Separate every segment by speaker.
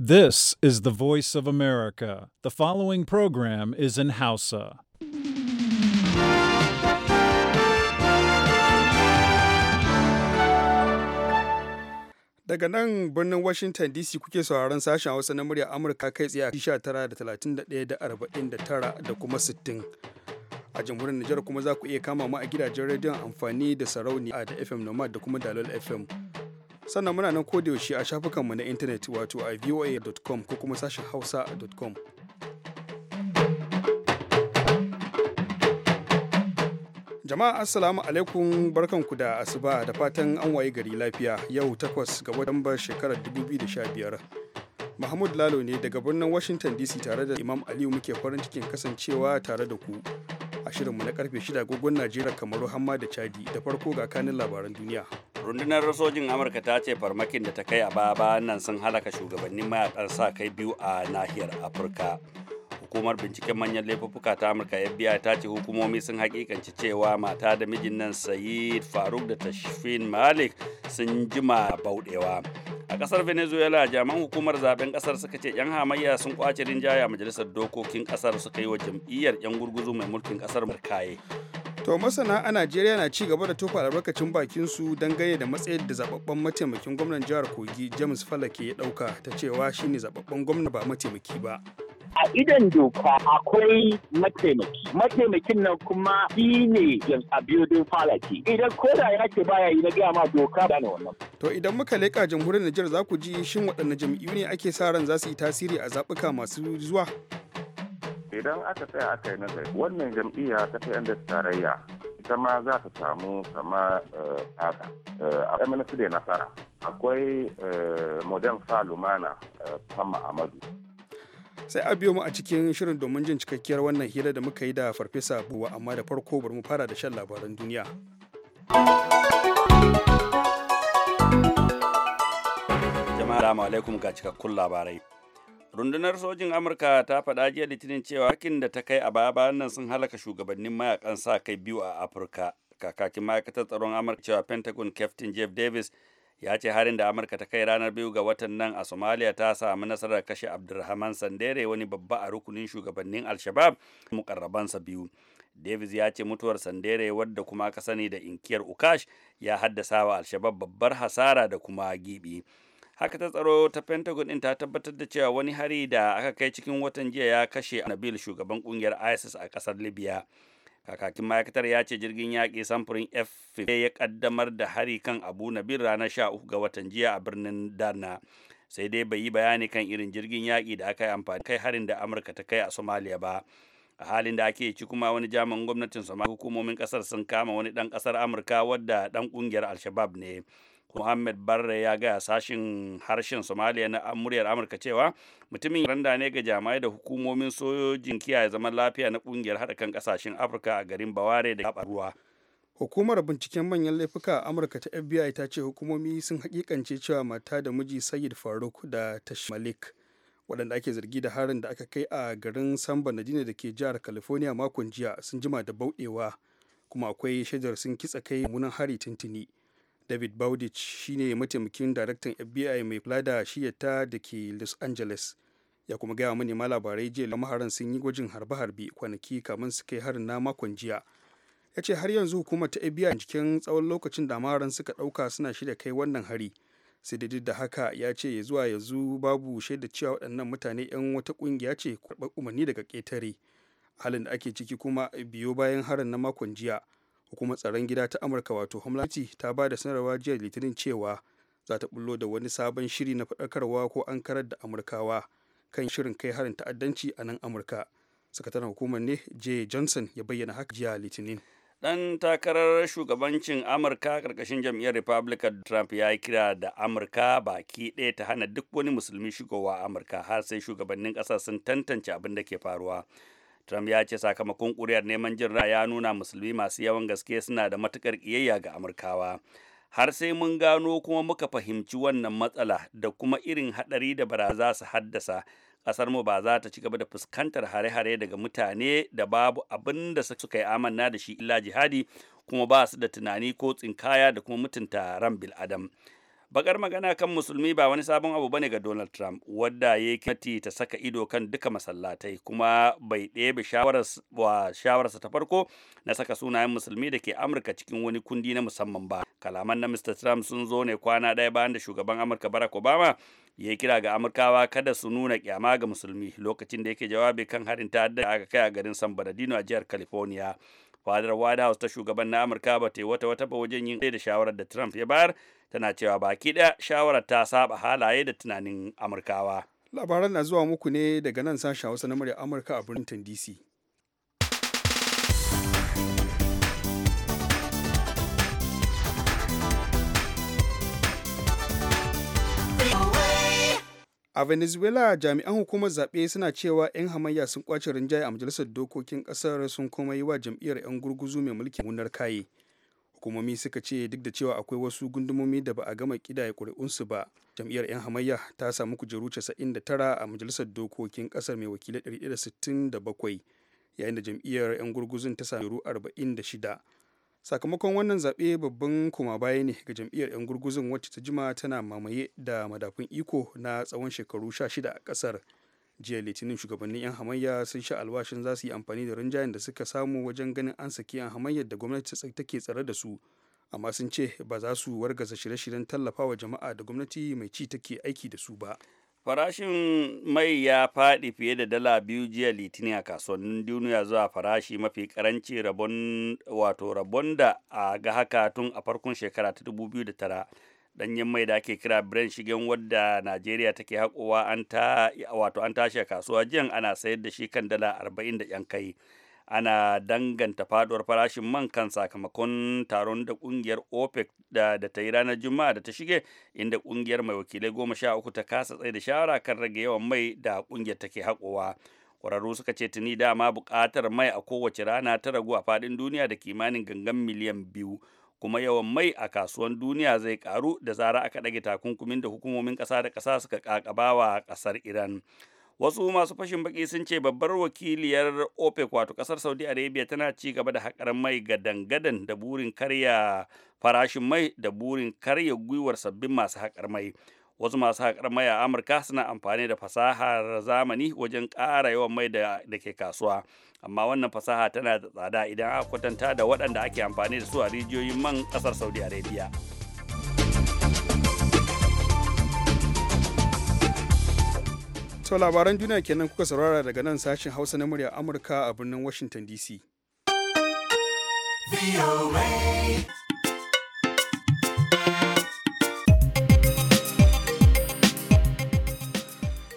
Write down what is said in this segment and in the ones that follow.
Speaker 1: This is the voice of America. The following program is in Hausa.
Speaker 2: Daga nan birnin Washington DC kuke sauraron sashen Hausa na murya Amurka kai tsaye a 19.31.49 da kuma 60. A jamhuriyar Nijar kuma za ku iya kama mu a gidajen rediyon amfani da sarauniya da FM Nomad da kuma Dalol FM. sannan muna nan kodayaushe a shafukanmu na intanet wato a voa.com ko kuma sashen hausa.com jama'a assalamu alaikum barkanku da asuba da fatan an waye gari lafiya yau takwas ga watan shekarar 2015 Mahmud Lalo ne daga birnin Washington DC tare da Imam Aliyu muke farin cikin kasancewa tare da ku a shirinmu na karfe 6 agogon Najeriya kamaru hamma da Chadi da farko ga kanin labaran duniya.
Speaker 3: rundunar sojin amurka ta ce farmakin da ta kai a baya nan sun halaka shugabannin mayakan sa kai biyu a nahiyar afirka hukumar binciken manyan laifuffuka ta amurka fbi ta ce hukumomi sun hakikanci cewa mata da mijin nan sayid faruk da tashfin malik sun jima bauɗewa. a ƙasar venezuela jaman hukumar zaben ƙasar suka ce yan hamayya sun kwace rinjaya majalisar dokokin ƙasar suka yi wa jam'iyyar yan gurguzu
Speaker 2: mai mulkin kasar kaye To masana a Najeriya na ci gaba da tofa albarkacin bakin su dangane da matsayin da zababben mataimakin gwamnan jihar Kogi James Falake ya dauka ta cewa shine zababben gwamna ba mataimaki ba. a idan doka akwai mataimaki mataimakin nan kuma shi ne james abiodun falaki idan da ya ce baya yi
Speaker 3: na
Speaker 4: gaya ma doka da na wannan
Speaker 2: to idan muka leƙa jamhuriyar nijar za ku ji shin waɗanne jam'iyyu ne ake sa ran za su yi tasiri a zaɓuka masu zuwa
Speaker 4: idan aka tsaya aka yi nazari wannan jam'iyya ta ta tarayya ita ma za ta samu kama haka eh, eh, a su da nasara akwai eh, modern salumana Fama Amadu.
Speaker 2: Sai a biyo mu a cikin shirin domin jin cikakkiyar wannan hira da muka yi da Farfesa Buwa amma da farko bari mu fara da shan labaran duniya.
Speaker 3: Jama'a alaikum ga cikakkun labarai. rundunar sojin amurka ta faɗa jiya litinin cewa hakin da ta kai a baya bayan nan sun halaka shugabannin mayakan sa kai biyu a afirka kakakin ma'aikatar tsaron amurka cewa pentagon captain jeff davis ya ce harin da amurka ta kai ranar biyu ga watan nan a somalia ta samu nasarar kashe abdulrahman sandere wani babba a rukunin shugabannin al mukarrabansa biyu davis ya ce mutuwar sandere wadda kuma aka sani da inkiyar ukash ya haddasa wa al babbar hasara da kuma gibi haka ta tsaro ta pentagon din ta tabbatar da cewa wani hari da aka kai cikin watan jiya ya kashe nabil shugaban kungiyar isis a kasar libya kakakin ma'aikatar ya ce jirgin yaƙi samfurin f ya kaddamar da hari kan abu na nabil sha uku ga watan jiya a birnin dana sai dai bai yi bayani kan irin jirgin yaƙi da aka yi amfani kai harin da amurka ta kai a somalia ba a halin da ake ci kuma wani jami'in gwamnatin somalia hukumomin kasar sun kama wani dan kasar amurka wadda dan kungiyar alshabab ne Muhammad Barre ya gaya sashin harshen Somalia na muryar Amurka cewa mutumin randa ne ga jami'ai da hukumomin sojojin kiyaye zaman lafiya na kungiyar haɗa kan ƙasashen Afirka a garin Baware da Kabaruwa.
Speaker 2: Hukumar binciken manyan laifuka a Amurka ta FBI ta ce hukumomi sun hakikance cewa mata da miji sayid Faruk da Tash Malik waɗanda ake zargi da harin da aka kai a garin San Bernardino da ke jihar California makon jiya sun jima da bauɗewa kuma akwai shaidar sun kitsa kai munan hari tuntuni. david bowditch shine mataimakin daraktan fbi mai kula da shiyata da ke los angeles ya kuma gaya mani ma labarai jiya maharan sun yi gwajin harbe-harbe kwanaki kamun su kai harin na makon jiya ya ce har yanzu hukuma ta fbi cikin tsawon lokacin da maharan suka ɗauka suna shirya kai wannan hari sai duk da haka ya ce ya zuwa yanzu babu shaida cewa waɗannan mutane 'yan wata ƙungiya ce karɓar umarni daga ƙetare halin da ake ciki kuma biyo bayan harin na makon jiya hukumar tsaron gida ta amurka wato homeland ta ba da sanarwa jiya litinin cewa za ta bullo da wani sabon shiri na faɗakarwa ko an karar da amurkawa kan shirin kai harin ta'addanci a nan amurka sakataren hukumar ne jay johnson ya bayyana haka jiya litinin
Speaker 3: dan takarar shugabancin amurka karkashin jam'iyyar republican trump ya yi kira da amurka baki ɗaya ta hana duk wani musulmi shigowa amurka har sai shugabannin ƙasa sun tantance abin da ke faruwa Trump ya ce sakamakon ƙuri'ar neman jin ra ya nuna musulmi masu yawan gaske suna da matukar ƙiyayya ga Amurkawa. Har sai mun gano kuma muka fahimci wannan matsala da kuma irin haɗari da baraza su haddasa. Ƙasar mu ba za ta ci gaba da fuskantar hare-hare daga mutane da babu abin da suka yi amanna da shi illa jihadi kuma ba su da tunani ko tsinkaya da kuma mutunta ran bil'adam. bakar magana kan musulmi ba wani sabon abu bane ga Donald Trump wadda ya kati ta saka ido kan duka masallatai kuma bai ɗebe shawararsa ta farko na saka sunayen musulmi da ke Amurka cikin wani kundi na musamman ba. Kalaman na Mr. Trump sun zo ne kwana ɗaya bayan da shugaban Amurka Barack Obama ya kira ga Amurkawa kada su nuna kyama ga musulmi lokacin da yake jawabi kan harin da aka kai a garin San Bernardino a jihar California. fadar white house ta shugaban na amurka ba ta yi wata wata ba wajen yin da shawarar da trump ya bayar tana cewa baki ɗaya shawarar ta saba halaye da tunanin amurkawa
Speaker 2: labaran na zuwa muku ne daga nan sashen hausa na murya amurka a burlington dc a venezuela jami'an hukumar zaɓe suna cewa 'yan hamayya sun kwace rinjaye a majalisar dokokin ƙasar sun kuma yi wa jam'iyyar 'yan gurguzu mai mulkin wunar kaye hukumomi suka ce duk da cewa akwai wasu gundumomi da ba a gama kidaya ƙuri'unsu ba jam'iyyar 'yan hamayya ta samu kujeru 99 a majalisar dokokin ƙasar mai wakilai 167 yayin da jam'iyyar 'yan gurguzun ta sami 46 sakamakon wannan zaɓe babban kuma baya ne ga jam'iyyar 'yan gurguzun wacce ta jima tana mamaye da madafun iko na tsawon shekaru 16 a ƙasar jiya litinin shugabannin 'yan hamayya sun sha alwashin za su yi amfani da rinjayen da suka samu wajen ganin an saki 'yan hamayya da gwamnati take tsare da su amma sun ce ba za su wargaza shirye-shiryen tallafawa jama'a da gwamnati mai ci take aiki da su ba
Speaker 3: Farashin mai ya faɗi fiye da dala biyu jiya litinin a kasuwannin duniya zuwa farashi mafi karanci rabon wato rabon da a ga haka tun a farkon shekara ta 2009 danyen mai da ake kira Brent shigen wadda Najeriya take haƙowa an ta wato an tashi a kasuwa jiyan ana sayar da shi kan dala 40 da yan kai. ana danganta faduwar farashin man kan sakamakon taron da kungiyar opec da, da ta yi ranar juma'a da ta shige inda kungiyar mai wakilai goma sha uku ta kasa tsaye da shawara kan rage yawan mai da kungiyar take haƙowa kwararru suka ce tuni dama buƙatar mai a kowace rana ta ragu a faɗin duniya da kimanin gangan miliyan biyu kuma yawan mai a kasuwan duniya zai karu da zara aka ɗage takunkumin da hukumomin ƙasa da ƙasa suka ƙaƙabawa ƙasar iran wasu masu fashin baki sun ce babbar wakiliyar opec wato kasar saudi arabia tana ci gaba da haƙar mai ga dangadan da burin karya farashin mai da burin karya gwiwar sabbin masu haƙar mai wasu masu haƙar mai a amurka suna amfani da fasahar zamani wajen ƙara yawan mai da ke kasuwa amma wannan fasaha tana da tsada idan aka kwatanta da waɗanda ake amfani da su a rijiyoyin man ƙasar saudi arabia
Speaker 2: To labaran duniya kenan kuka saurara daga nan sashen Hausa na murya Amurka a birnin Washington DC.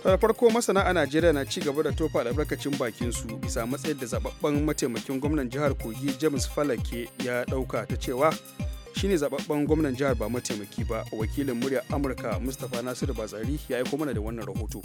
Speaker 2: da farko masana a najeriya na ci gaba da tofa albarkacin bakinsu bisa matsayin da zababben mataimakin gwamnan jihar kogi james falake ya ɗauka ta cewa shi ne zababben gwamnan jihar ba mataimaki ba wakilin murya amurka mustapha nasiru batsari ya yi mana da wannan rahoto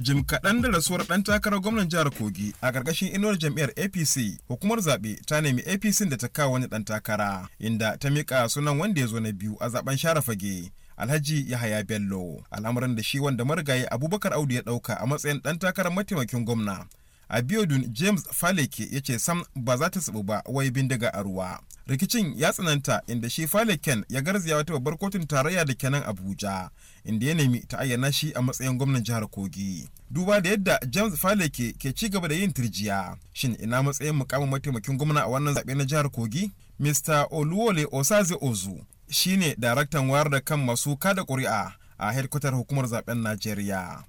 Speaker 1: jim kaɗan da rasuwar ɗan takarar gwamnan jihar kogi a ƙarƙashin inuwar jam'iyyar apc hukumar zaɓe ta nemi apc da ta kawo wani ɗan takara inda ta miƙa sunan wanda ya zo na biyu a zaben share fage Alhaji Yahaya Bello, al'amarin da shi wanda marigayi Abubakar Audu ya ɗauka a matsayin ɗan takarar mataimakin gwamna a abiodun james faleke ya ce sam ba za ta sabu ba wai bindiga a ruwa rikicin ya tsananta inda shi faleken ya garzaya wata babbar kotun tarayya da kenan abuja inda ya nemi ta ayyana shi a matsayin gwamnan jihar kogi duba da yadda james faleke ke ci gaba da yin turjiya shin ina matsayin mukamin mataimakin gwamna a wannan zaɓe na jihar kogi mr oluwole osaze ozu shine daraktan wayar da kan masu kada ƙuri'a a hedkwatar hukumar zaben Najeriya.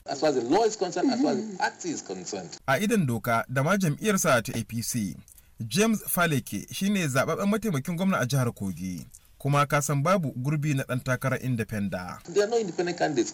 Speaker 1: A idan doka da ma jam'iyyarsa ta APC, James Faleke shine zababben mataimakin gwamna a jihar Kogi. kuma ka san babu gurbi na ɗan takarar independa.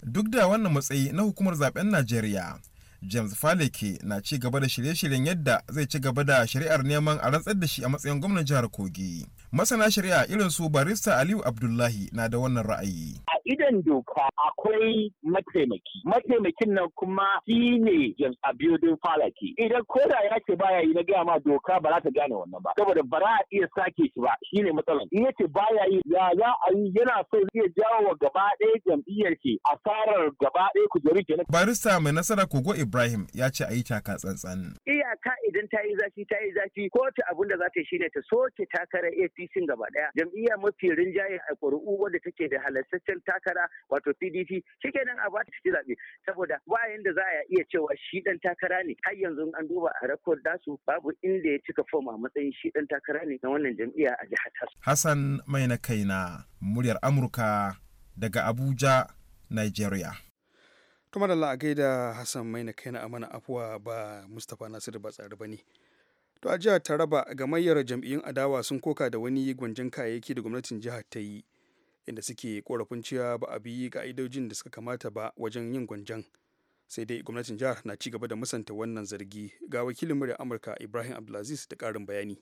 Speaker 1: Duk da wannan matsayi na hukumar zaben Najeriya, James Faleke na ci gaba da shirye-shiryen yadda zai ci gaba da shari'ar neman a rantsar da shi a matsayin gwamnan jihar Kogi. Masana shari'a irin su barista Aliyu Abdullahi na da wannan ra'ayi. A idan doka akwai mataimaki. Mataimakin nan kuma shi ne don Falaki. Idan koda ya ce baya yi na gaya ma
Speaker 4: doka ba za ta gane wannan ba. Saboda ba za a iya sake shi ba shi ne matsalan. In ya ce baya yi ya za a yi yana so zai jawo wa gaba ɗaya jam'iyyar ke asarar gaba ɗaya kujeru kenan.
Speaker 1: Barista mai nasara Kogo Ibrahim ya ce a yi taka tsantsan.
Speaker 5: Iyaka idan ta yi zafi ta yi zafi ta abin da za ta yi shine ta soke takarar APC gaba daya jam'iyya mafi rinjaye a ƙuri'u wadda take da halassaccen takara wato PDP nan a ba ta shi zaɓe saboda ba yanda za a iya cewa shi ɗan takara ne har yanzu an duba a rakod dasu babu inda
Speaker 2: ya cika fom a matsayin shi ɗan takara ne na wannan jam'iyya a jihar
Speaker 1: Hassan mai na kaina muryar Amurka daga Abuja Nigeria.
Speaker 2: kuma da la'agai da Hassan mai na kaina amana afuwa ba Mustapha Nasiru ba tsari ba ne. To a jihar Taraba ga gamayyar jam'iyyun adawa sun koka da wani gwanjan kayayyaki da gwamnatin jihar ta yi inda suke korafin cewa ba a bi ka'idojin da suka kamata ba wajen yin gwanjan. Sai dai gwamnatin jihar na ci gaba da musanta wannan zargi ga wakilin murya Amurka Ibrahim Abdulaziz da karin bayani.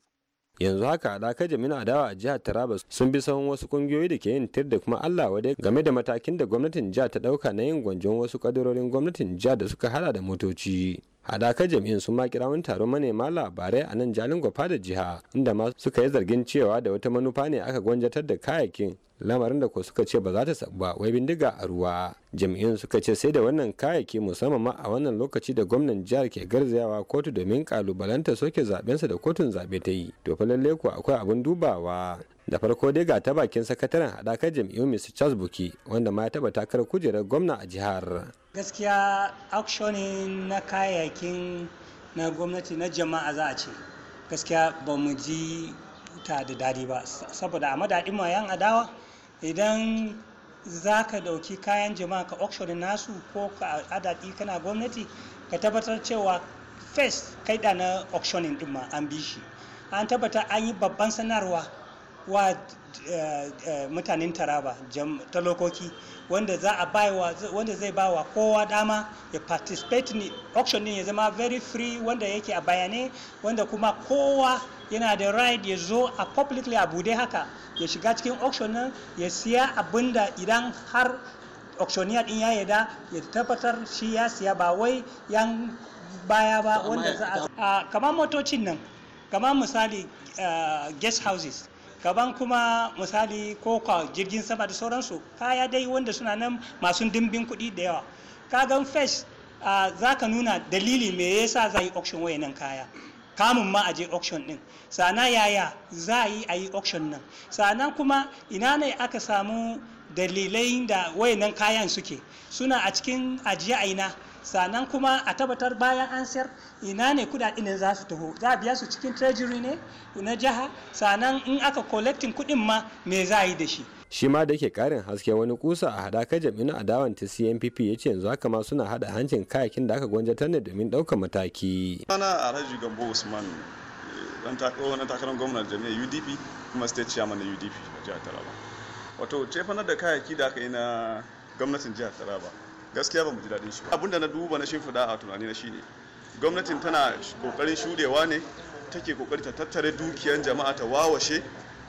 Speaker 6: yanzu haka haɗaka jami'in adawa a jihar taraba sun bi sahun wasu kungiyoyi da ke yin tir da kuma allah wadai game da matakin da gwamnatin jihar ta ɗauka na yin gwanjon wasu kadarorin gwamnatin jihar da suka hada da motoci hadakar jam'in sun makira wani taron manema labarai a nan jalin gwafa da jiha inda ma suka yi zargin cewa da wata manufa ne aka gwanjatar da kayakin lamarin da ko suka ce ba za ta sabu ba wai bindiga a ruwa jam'in suka ce sai da wannan kayaki musamman ma a wannan lokaci da gwamnan jihar ke garzayawa kotu domin kalubalanta soke sa da kotun zabe ta yi to fa lalle ko akwai abin dubawa da farko dai ga ta bakin sakataren hadakar jam'iyyun mr charles buki wanda ma ya taba takar kujerar gwamna a jihar
Speaker 7: gaskiya actioning na kayayyakin na gwamnati na jama'a za a ce gaskiya ba mu ji ta da dadi ba saboda a madadin ma yan adawa idan za ka dauki kayan jama'a ka auction nasu ko ka adadi kana gwamnati ka tabbatar cewa first kai da na auctioning din ma an bi shi an tabbata an yi babban sanarwa wa eh, eh, mutanen taraba talokoki wanda za a baiwa wanda zai bawa kowa dama ya participate ni auction din ya zama very free wanda yake a bayane wanda kuma kowa yana da right ya zo a publicly a bude haka ya shiga cikin auction nan ya siya abinda idan har auctioneer din ya yarda ya tabbatar shi ya siya ba wai yan baya ba wanda za a kamar motocin nan kamar misali eh, guest houses Gaban kuma misali ko kwa jirgin sama da sauransu kaya dai wanda suna nan masu dimbin kuɗi da yawa Ka kagan fesh za ka nuna dalili me yasa za yi auction wayannan kaya kamun ma a je auction din sana yaya za yi a yi auction nan sana kuma ina ne aka samu dalilai da wayannan kayan suke suna a cikin ajiye aina sannan kuma a tabbatar bayan an sayar ina ne kudaden da za su taho za a biya su cikin treasury ne na jiha sannan in aka collecting kudin ma me za a yi da shi
Speaker 6: shi ma da yake karin haske wani kusa a hadakar jam'in adawan ta cnpp ya ce yanzu haka ma suna hada hancin kayakin da aka gwanjatar ne domin daukar mataki
Speaker 2: a raji gambo usman dan takarar gwamnan jami'a udp kuma state chairman na udp a jihar taraba wato cefanar da kayaki da aka yi na gwamnatin jihar taraba gaskiya ba mu ji daɗin shi ba abinda
Speaker 1: na duba na shimfiɗa a tunani na shine gwamnatin tana kokarin shudewa ne take kokari ta tattare dukiyan jama'a ta wawashe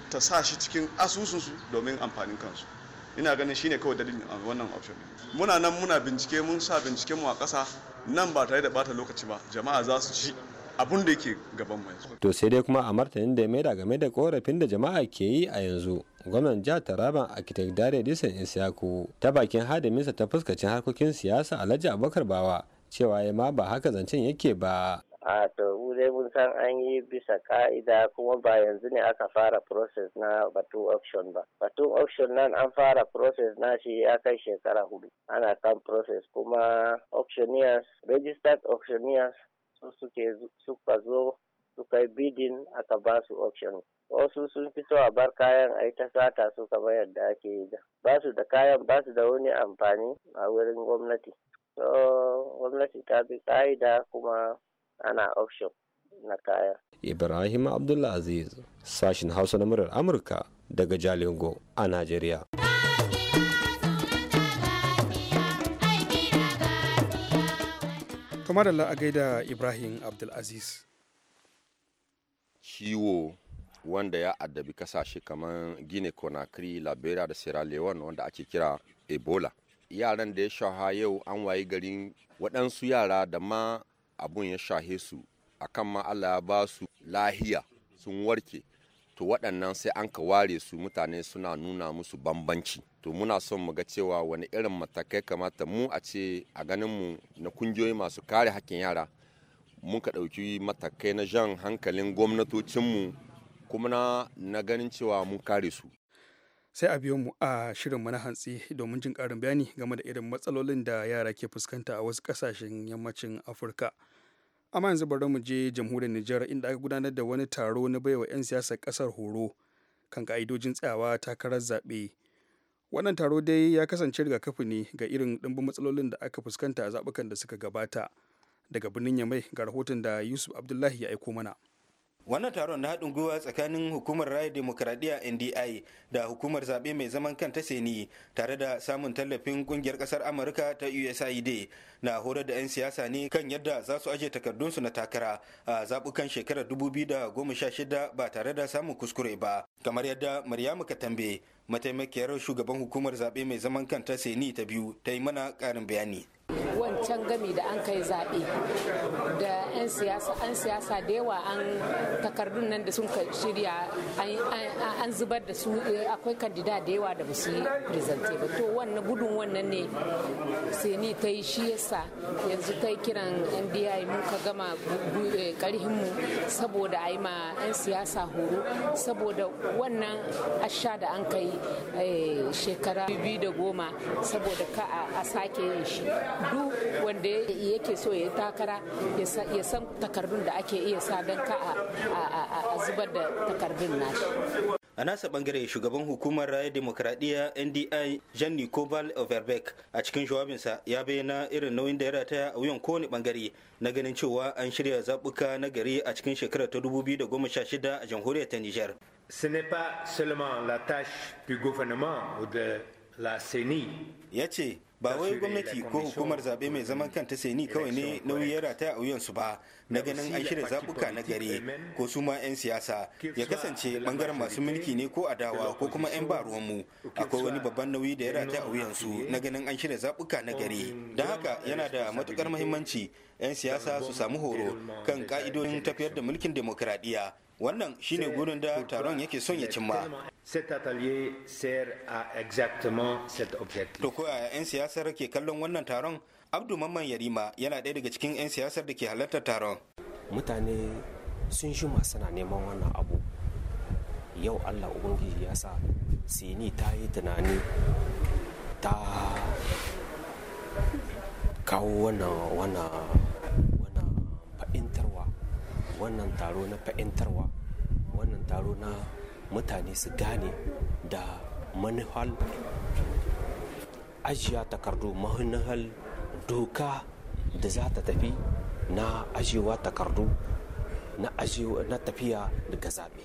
Speaker 1: ta sa shi cikin asusunsu domin
Speaker 2: amfanin kansu ina ganin shine kawai dalilin wannan option muna nan muna bincike mun sa binciken mu a kasa nan ba tare da bata lokaci ba jama'a za su ci abun da yake gaban mu
Speaker 6: to sai dai kuma a martanin da ya maida game da korafin da jama'a ke yi a yanzu gwamnan jihar taraban architect dare disan isiyaku ta bakin hadiminsa ta fuskacin harkokin siyasa a alhaji abubakar bawa cewa ya ma ba haka zancen yake ba
Speaker 4: a to dai mun san an yi bisa ka'ida kuma ba yanzu ne aka fara process na batu auction ba batun auction nan an fara process na shi ya kai shekara hudu ana kan process kuma auctioneers registered auctioneers su suke suka zo suka yi bidin aka ba su option, wasu sun fi so a bar kayan a yi ta sata su kamar yadda ake yi da ba su da kayan ba su da wani amfani a wurin gwamnati so gwamnati ta bi ka'ida kuma ana option na kaya
Speaker 6: ibrahim aziz sashin hausa na murar amurka daga jalingo a najeriya
Speaker 2: kamar da a da ibrahim abdulaziz
Speaker 6: ciwo wanda ya addabi kasashe kamar Guinea Conakry, Liberia da Sierra Leone wanda ake kira Ebola. Yaran da ya shaha yau an wayi garin waɗansu yara da ma abun ya shahe su akan ma Allah ya ba su lahiya sun warke. To waɗannan sai an ka ware su mutane suna nuna musu bambanci. To muna son mu ga cewa wani irin matakai kamata mu a ce a ganin mu na kungiyoyi masu kare hakkin yara muka ɗauki matakai na jan hankalin gwamnatocinmu kuma na ganin cewa mun kare su
Speaker 2: sai a biyo mu a shirinmu na hantsi domin jin ƙarin bayani game da irin matsalolin da yara ke fuskanta a wasu ƙasashen yammacin afirka amma yanzu bari mu je jamhuriyar nijar inda aka gudanar da wani taro na baiwa 'yan siyasar ƙasar horo kan ka'idojin tsayawa takarar zaɓe wannan taro dai ya kasance rigakafi ne ga irin ɗimbin matsalolin da aka fuskanta a zaɓukan da suka gabata daga birnin yamai ga rahoton da yusuf abdullahi ya aiko mana
Speaker 5: wannan taron na haɗin gwiwa tsakanin hukumar raya demokradiyya ndi da hukumar zaɓe mai zaman kanta seni tare da samun tallafin ƙungiyar ƙasar amurka ta usaid na horar da 'yan siyasa ne kan yadda za su aje takardunsu na takara a zaɓukan shekarar shida ba tare da samun kuskure ba kamar yadda maryamu katambe mataimakiyar shugaban hukumar zaɓe mai zaman kanta seni ta biyu ta yi mana ƙarin bayani
Speaker 8: can gami da an kai zaɓe da 'yan siyasa an siyasa da yawa an takardun nan da sun shirya an zubar da su eh, akwai kandida da yawa da ba su yi ba to wannan gudun wannan ne sini ta yi shi yasa yanzu ta yi kiran ndi mun ka gama eh, mu saboda a yi ma 'yan siyasa horo saboda wannan asha da an kai eh, shekara biyu da goma saboda ka a sake yin shi duk wanda yake so ya takara ya san takardun da ake iya sa don ka a zubar da takardun nashi
Speaker 5: a nasa bangare shugaban hukumar raya demokradiyya ndi jan nicobal overbeck a cikin jawabinsa ya bayyana irin nauyin da ya rataya a wuyan kowane bangare na ganin cewa an shirya zaɓuka na gari a cikin shekarar ta 2016 a jamhuriyar ta niger ce n'est pas seulement la tâche du gouvernement ou de ya ce ba wai gwamnati ko hukumar zaɓe mai zaman kanta seni kawai ne nauyi ya rataya a su ba na ganin an shirya zaɓuka na gari ko su ma 'yan siyasa ya kasance ɓangaren masu mulki ne ko adawa ko kuma 'yan ba mu akwai wani babban nauyi da ya rataya a su na ganin an shirya zaɓuka na gari don haka yana da matukar muhimmanci 'yan siyasa su samu horo kan ka'idodin tafiyar da mulkin demokradiyya wannan shine gurin da taron yake son ya cimma cet atelier sert à exactement cet objectif to koya 'yan siyasar ke kallon wannan taron abdu mamman yarima yana ɗaya daga cikin 'yan siyasar da ke halartar taron mutane sun shi suna neman wannan abu yau allah ubangiji ya sa sini ta yi tunani ta kawo wannan wannan taro na fa'intarwa wannan taro na mutane su gane da manihal ajiya takardu manihal doka da za ta tafi na ajiyewa takardu na tafiya daga zaɓe.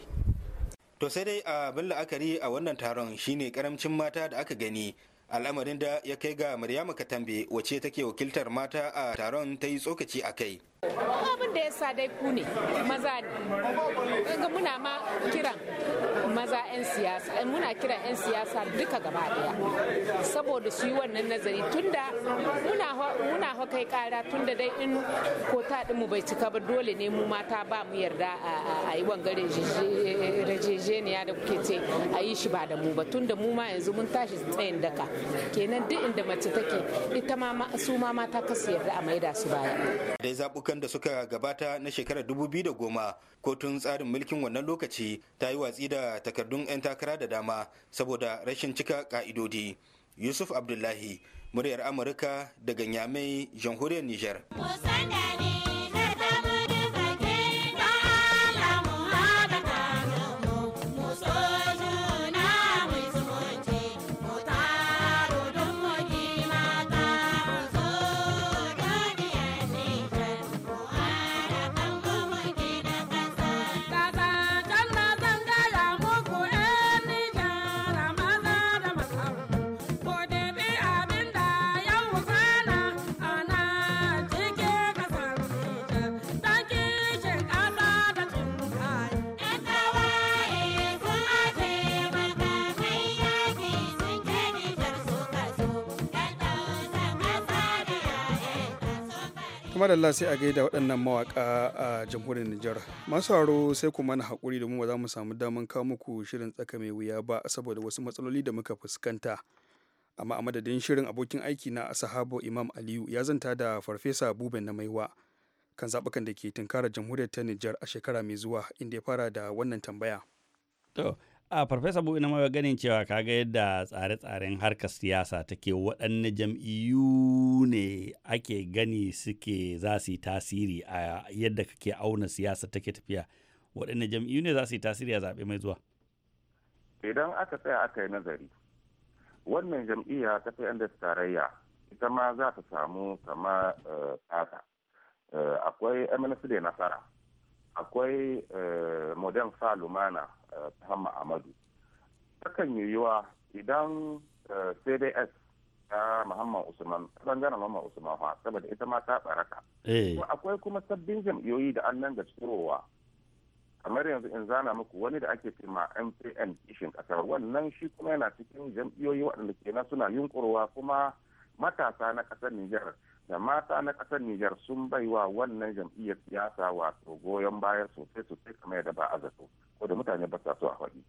Speaker 5: to sai dai abin la'akari a wannan taron shine karamcin mata da aka gani al'amarin da ya kai ga maryama katambe wacce take wakiltar mata a taron ta yi tsokaci a kai
Speaker 8: abin da ya sa dai ku ne maza ne muna ma kiran maza 'yan siyasa eh, muna kiran 'yan siyasa duka gaba daya saboda su yi wannan nazari tunda muna kai kara tunda dai in kota mu bai cika ba dole ne mu mata ba mu yarda a yi wangare rajejeniya da kuke ce a yi shi ba da mu ba tunda mu ma yanzu mun tashi tsayin daka kenan duk inda mace take ita ma su ma mata kasu yarda a maida su baya
Speaker 5: zaɓukan da suka gabata na shekarar 2010 kotun tsarin mulkin wannan lokaci ta yi watsi da takardun 'yan takara da dama saboda rashin cika ƙa'idodi yusuf abdullahi muryar amurka daga nyamai jamhuriyar niger
Speaker 2: kuma da Allah sai a gaida waɗannan mawaƙa a jamhuriyar Nijar. Masu haro sai ku mana haƙuri domin ba za mu samu daman kawo muku shirin tsaka mai wuya ba saboda wasu matsaloli da muka fuskanta. Amma a madadin shirin abokin aiki na Sahabo Imam Aliyu ya zanta da Farfesa Buben na Maiwa kan zaɓukan da ke tunkarar jamhuriyar ta Nijar a shekara mai zuwa inda ya fara da wannan tambaya.
Speaker 3: a farfesa bu ina ganin cewa kaga yadda tsare-tsaren harkar siyasa take waɗanne jam'iyyu ne ake gani suke za su yi tasiri a yadda kake auna siyasa take tafiya waɗanne jam'iyyu ne za su yi tasiri a zaɓe mai zuwa
Speaker 4: idan aka tsaya aka yi nazari wannan jam'iyya ta pnds tarayya ita ma za ta samu kama eh, tsaka. Eh, akwai da nasara akwai eh, modern Falumana, Eh, Hamma Amadu. Takan yiwa idan CDS eh, ta Muhammad Usman, bangaren Muhammad Usman fa, saboda ita ma ta baraka. Eh. To akwai kuma sabbin jam'iyoyi da an nan ga tsirowa. Kamar yanzu in zana muku wani da ake cewa MPN kishin kasar wannan shi kuma yana cikin jam'iyoyi waɗanda kenan suna yunkurwa kuma matasa na ƙasar Nijar da mata na ƙasar Nijar sun baiwa wannan jam'iyyar siyasa wato goyon baya sosai sosai kamar yadda ba a zato. saboda mutane ba sa so a faɗi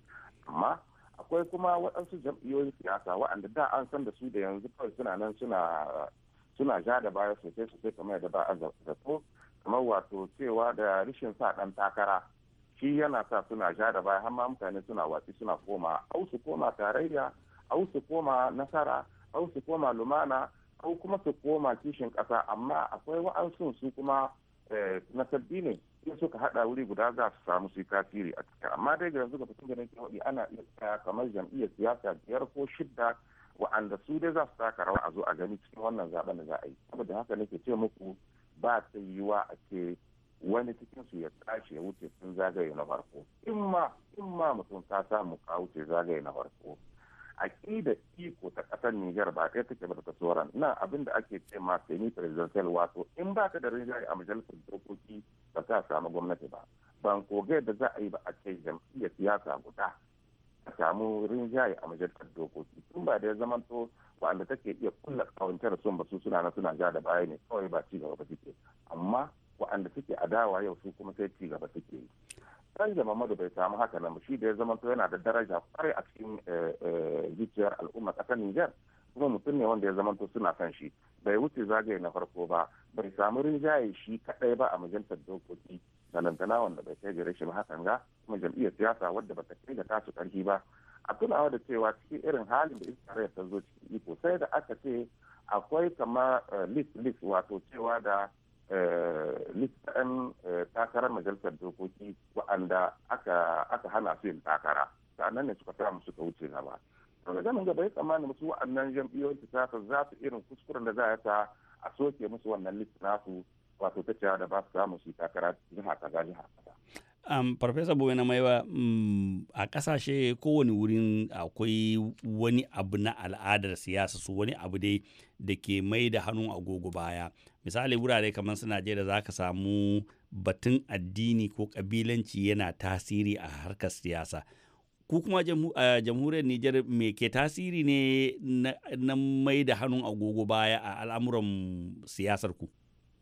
Speaker 4: amma akwai kuma waɗansu jam'iyyoyin siyasa waɗanda da an san da su da yanzu kawai suna nan suna suna ja da baya sosai sosai kamar da ba a zato kamar wato cewa da rashin sa ɗan takara shi yana sa suna ja da baya har ma mutane suna watsi suna koma au su koma tarayya au su koma nasara au su koma lumana au kuma su koma kishin ƙasa amma akwai wa'ansu su kuma eh, na sabbi ne in suka hada wuri guda za su samu su yi tasiri a cikin amma dai ga yanzu ga fitin da nake ana iya tsaya kamar jam'iyyar siyasa biyar ko shidda wa'anda su dai za su taka rawa a zo a gani cikin wannan zaben da za a yi saboda haka nake ce muku ba ta yiwuwa a ce wani cikin su ya tashi ya wuce sun zagaye na farko in ma in ma mutum ta samu ka wuce zagaye na farko a da iko ta ƙasar Nijar ba kai take ba ta tsoron na abin da ake ce ma semi presidential wato in ba ka da rinjaye a majalisar dokoki ba ka samu gwamnati ba ban kogai da za a yi ba a ce jam'iyyar siyasa guda a samu rinjaye a majalisar dokoki tun ba da ya zama to wanda take iya kulla kawancar sun ba su suna na suna ja da baya ne kawai ba ci gaba ba suke amma waɗanda suke adawa yau su kuma sai ci gaba suke yi da mamadu bai samu haka na shi da ya zama to yana da daraja kwarai a cikin eh, eh, zuciyar al'umma kasar Nijar kuma mutum ne wanda ya zama to suna kan shi bai wuce zagaye na farko ba bai samu rinjaye shi kadai ba a majalisar dokoki sanantana wanda bai kai gare shi hakan ga kuma jam'iyyar siyasa wadda bata kai da tasu karfi ba a tunawa da cewa cikin irin halin da israel ta zo cikin iko sai da aka ce akwai kama eh, list list wato cewa da Eh, listan eh, takarar majalisar dokoki wa'anda aka hana su yin takara sa'annan ne suka musu suka wuce gaba to da ganin gaba ya tsammanin musu wa'annan jam'iyyoyin siyasa za su irin kuskuren da za a ta a soke musu wannan listan nasu wato ta cewa da ba su samu su yi takara jiha kaza jiha kaza
Speaker 3: Um, Farfesa Boye na Maiwa mm, a ƙasashe kowane wurin akwai wani abu na al'adar siyasa su wani abu dai da ke mai da hannun agogo baya. misali wurare kamar su najeriya za ka samu batun addini ko kabilanci yana tasiri a harkar siyasa ku kuma jamhuriyar nijar me ke tasiri ne na mai da hannun agogo baya a al'amuran siyasar ku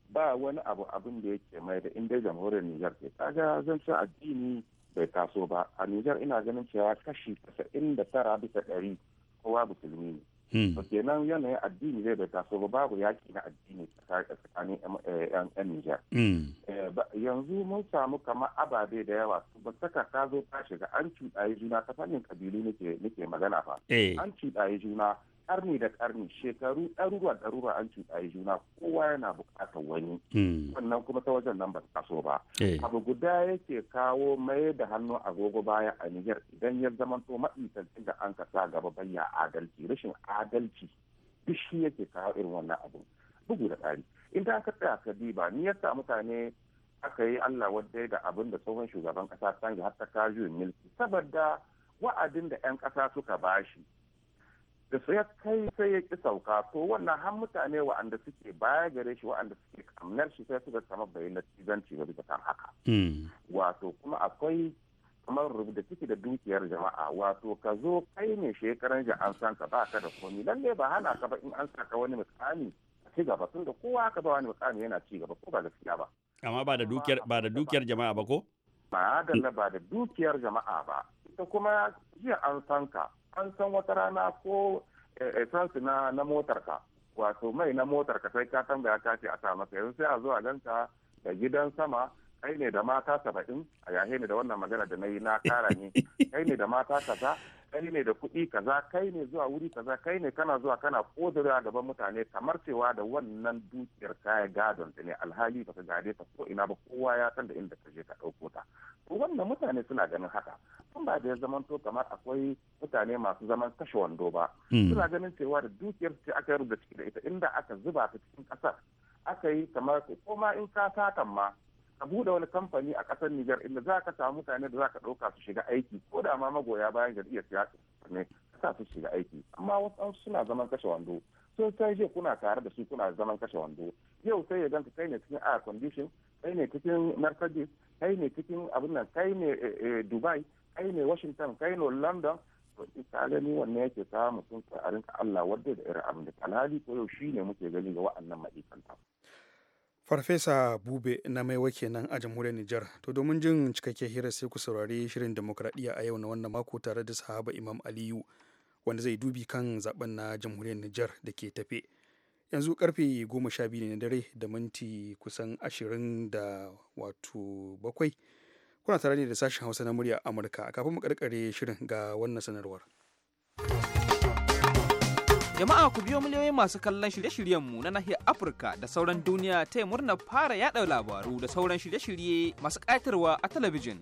Speaker 4: ba wani abu abin da yake mai da inda jamhuriyar nijar ke kaga zancen addini bai taso ba a nijar ina ganin cewa kashi 99 bisa ɗari kowa musulmi ne Hmm. to kenan yanayin addini zai bata so ba babu yaki na addini tsakanin eh, yan Nijar. Hmm. Eh, yanzu mun samu kamar ababe da yawa ba saka ka zo ka shiga an cuɗaye juna ta fannin kabilu nake magana fa eh. an cuɗaye juna karni da karni shekaru ɗaruruwa ɗaruruwa an cuɗaye juna kowa yana buƙatar wani hmm. wannan kuma ta wajen nan ba ta ba eh. abu guda yake kawo mai da hannu agogo baya a niger idan ya zamanto maɗintancin da an kasa gaba bayya adalci rashin adalci duk shi yake kawo irin wannan abu bugu da ƙari in ta ka tsaya ka diba ni yasa mutane aka yi Allah wadda da abin da tsohon shugaban kasa canji har ta kajuyin milki saboda wa'adin da 'yan kasa suka bashi da su ya kai sai ya ki sauka to wannan har mutane wa'anda suke baya gare shi wa'anda suke kamnar shi sai suka sama bayyana cizanci ba bisa kan haka hmm. wato kuma akwai kamar rubuta ciki da dukiyar jama'a wato ka zo kai ne shekaran ji an san ka ba ka da komi lalle ba hana ka ba in an saka wani mukami a ci gaba tun da kowa ka ba wani mukami yana ci gaba ko ba gaskiya ba amma ba da dukiyar jama'a ba ko ba ba da dukiyar jama'a ba ita kuma jiya an san ka an san wata rana ko esansu eh, eh, na na motarka wato mai na motarka sai ka tambaya ya ce a sa masa yanzu sai a zo a ganta da gidan sama kai ne da mata saba'in a yahe ne da wannan magana da na yi na kara ne kai ne da mata kaza kai ne da kuɗi kaza kai ne zuwa wuri kaza kai ne kana zuwa kana da gaban mutane kamar cewa da wannan dukiyar kaya gadon ta ne alhali ba ka gade ta ko ina ba kowa ya san da inda ka je ka ɗauko ta to wannan mutane suna ganin haka tun ba da ya zaman to kamar akwai mutane masu zaman kashe wando ba hmm. suna ganin cewa da dukiyar ce aka rubuta ciki da ita inda aka zuba ta cikin ƙasar aka yi kamar ko ma in ka satan ma ka buɗe wani kamfani a ƙasar Nijar inda za ka samu mutane da za ka ɗauka su shiga aiki ko da ma magoya bayan jam'iyyar siyasa ne sa su shiga aiki amma wasu suna zaman kashe wando sun sai je kuna tare da su kuna zaman kashe wando yau sai ya ganka kai ne cikin air condition kai ne cikin mercedes kai ne cikin abin nan kai ne eh, eh, dubai kai ne washington kai ne london to ka gani wanne yake sun mutum a rinka allah wadda da irin abin da ko yau shi ne muke gani ga wa'annan ma'aikata.
Speaker 2: farfesa bube na maiwa kenan a jamhuriyar nijar to domin jin cikakken hira sai ku saurari shirin demokradiyya a yau na wannan mako tare da sahaba imam aliyu wanda zai dubi kan zaben na jamhuriyar nijar da ke tafe yanzu karfe goma sha biyu na dare da minti kusan ashirin da wato bakwai kuna tare ne da sashen hausa na murya amurka kafin mu karkare shirin ga wannan sanarwar Jama'a ku biyo miliyoyin masu kallon shirye-shiryenmu na nahiyar Afirka da sauran duniya
Speaker 5: ta murna fara yada labaru da sauran shirye-shirye masu ƙayatarwa a talabijin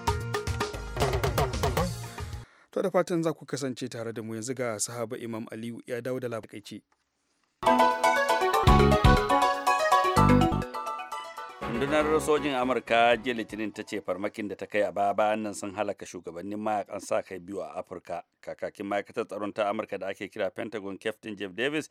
Speaker 2: To da fatan za ku kasance tare da mu yanzu ga sahaba Imam Aliyu ya dawo da labarai
Speaker 3: rundunar sojin amurka jiya litinin ta ce farmakin da ta kai a baya bayan nan sun halaka shugabannin mayakan sa kai biyu a afirka kakakin ma'aikatar tsaron ta amurka da ake kira pentagon captain jeff davis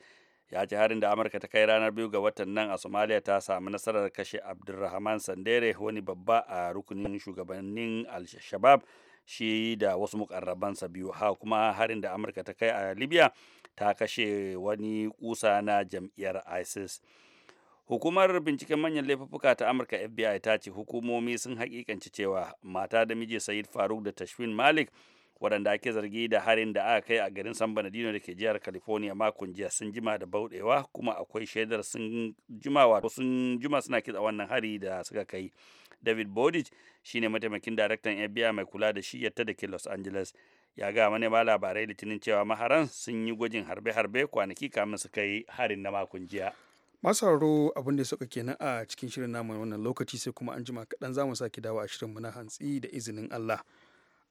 Speaker 3: ya ji harin da amurka ta kai ranar biyu ga watan nan a somalia ta samu nasarar kashe abdulrahman sandere wani babba a rukunin shugabannin alshabab. shi da wasu mukarrabansa biyu ha kuma harin da amurka ta kai a libya ta kashe wani kusa na jam'iyyar isis hukumar binciken manyan laifuka ta amurka fbi ta ce hukumomi sun hakikanci cewa mata da miji sayid faruk da tashwin malik waɗanda ake zargi da harin da aka kai a garin san banadino da ke jihar california makon jiya sun jima da bauɗewa kuma akwai shaidar sun jima sun jima suna kitsa wannan hari da suka kai david bodich ne mataimakin daraktan fbi mai kula da yadda da ke los angeles ya ga manema labarai litinin cewa maharan sun yi gwajin harbe-harbe kwanaki kamin su kai harin na makon jiya
Speaker 2: masu haro abin da suka kenan a cikin shirin namun wannan lokaci sai kuma an jima kaɗan za mu sake dawo a shirinmu na hantsi da izinin allah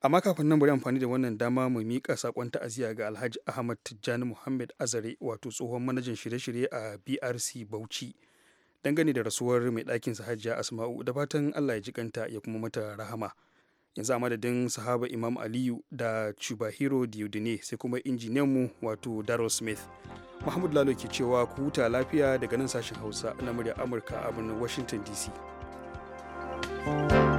Speaker 2: amma kafin nan bari amfani da wannan dama mu miƙa saƙon ta'aziyya ga alhaji ahmad tijjani muhammad azare wato tsohon manajan shirye-shirye a brc bauchi dangane da rasuwar mai ɗakin sa asma'u da fatan allah ya jikanta ya kuma mata rahama yanzu a madadin sahaba imam aliyu da chubahiro diodine sai kuma injiniyanmu wato daryl smith muhammadu lalo ke cewa ku huta lafiya daga nan sashen hausa na murya amurka a birnin washington dc thank you